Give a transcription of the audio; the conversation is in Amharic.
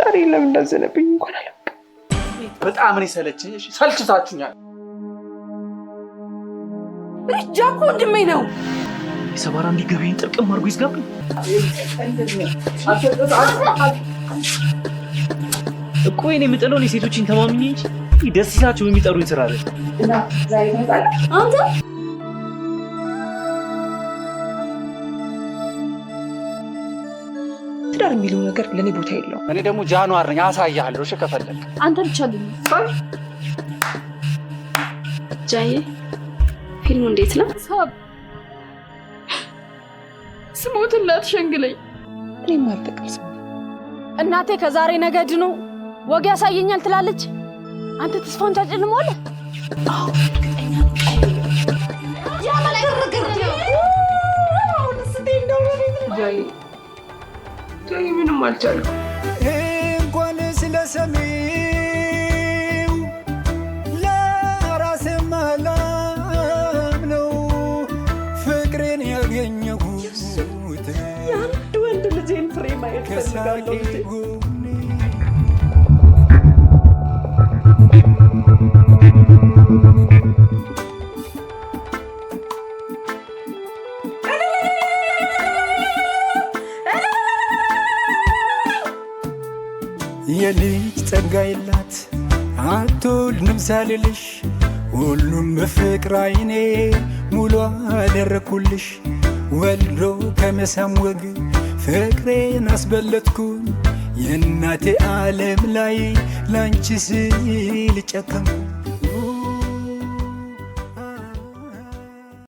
ፈጣሪ ለምን እንዳዘነብኝ እንኳን አለ። በጣም እኔ ሰለችኝ። እሺ ሰልችታችሁኛል። እጃ እኮ ወንድሜ ነው። የሰባራ እንዲ ገበይን ጥርቅም አድርጎ ይዝጋብኝ። እኮ እኔ የምጥለውን የሴቶችን ተማምኝ እንጂ ደስ ይላችሁ የሚጠሩኝ ስራ አለ። አንተ ትዳር የሚለው ነገር ለእኔ ቦታ የለውም። እኔ ደግሞ ጃኗር ነኝ፣ አሳያለሁ። እሺ ከፈለግ አንተ ብቻ ልኝ ጃዬ። ፊልሙ እንዴት ነው? ሳብ ስሞት እናት ሸንግለኝ። እኔ ማልጠቅም እናቴ ከዛሬ ነገድ ነው ወግ ያሳየኛል ትላለች። አንተ ተስፋን ታጭልመዋለህ። አዎ እርግጠኛ ነው አልቻልኩም። እንኳን ስለሰሚው ለራሴም አላምነው ፍቅሬን ያገኘሁት የአንድ ወንድ ልጄን ፍሬ ማየት ፈልጋለሁ። የልጅ ጸጋ የላት አትወልድም ሳልልሽ ሁሉም በፍቅር አይኔ ሙሉ አደረኩልሽ ወልዶ ከመሳም ወግ ፍቅሬን አስበለጥኩን የእናቴ ዓለም ላይ ላንቺ ስል ጨከምኩ።